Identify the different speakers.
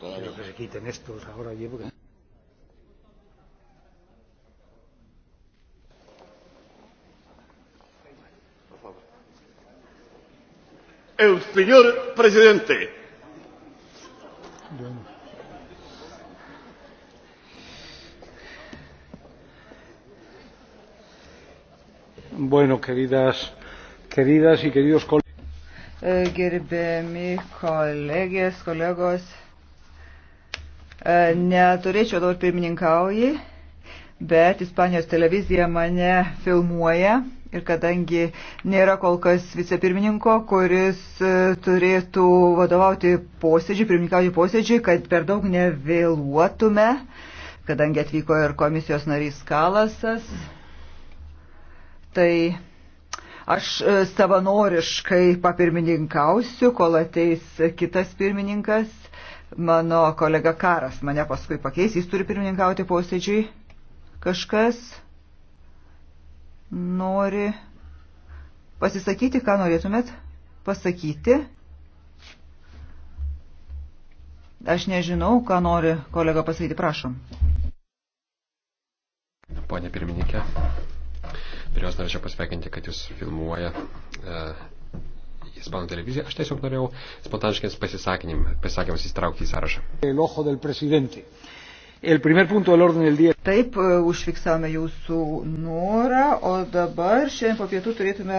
Speaker 1: todavía. Quiero que se quiten estos ahora allí porque... El señor presidente. Bueno. Bueno, queridas, queridas y queridos colegas.
Speaker 2: Eh, gerbiami kolegės, kolegos. E, neturėčiau dabar pirmininkauji, bet Ispanijos televizija mane filmuoja ir kadangi nėra kol kas vicepirmininko, kuris e, turėtų vadovauti posėdžiui, pirmininkauti posėdžiui, kad per daug nevėluotume, kadangi atvyko ir komisijos narys Kalasas, tai Aš e, savanoriškai papirmininkausiu, kol ateis kitas pirmininkas. Mano kolega Karas mane paskui pakeis, jis turi pirmininkauti posėdžiui. Kažkas nori pasisakyti, ką norėtumėt pasakyti. Aš nežinau, ką nori kolega pasakyti, prašom.
Speaker 1: Pone pirmininkė, Pirmiausia, norėčiau pasveikinti, kad jūs filmuoja e, Ispanų televiziją. Aš tiesiog norėjau spontaniškiams pasisakymams įstraukti į
Speaker 2: sąrašą. Taip, e, užfiksavome jūsų norą, o dabar šiandien po pietų turėtume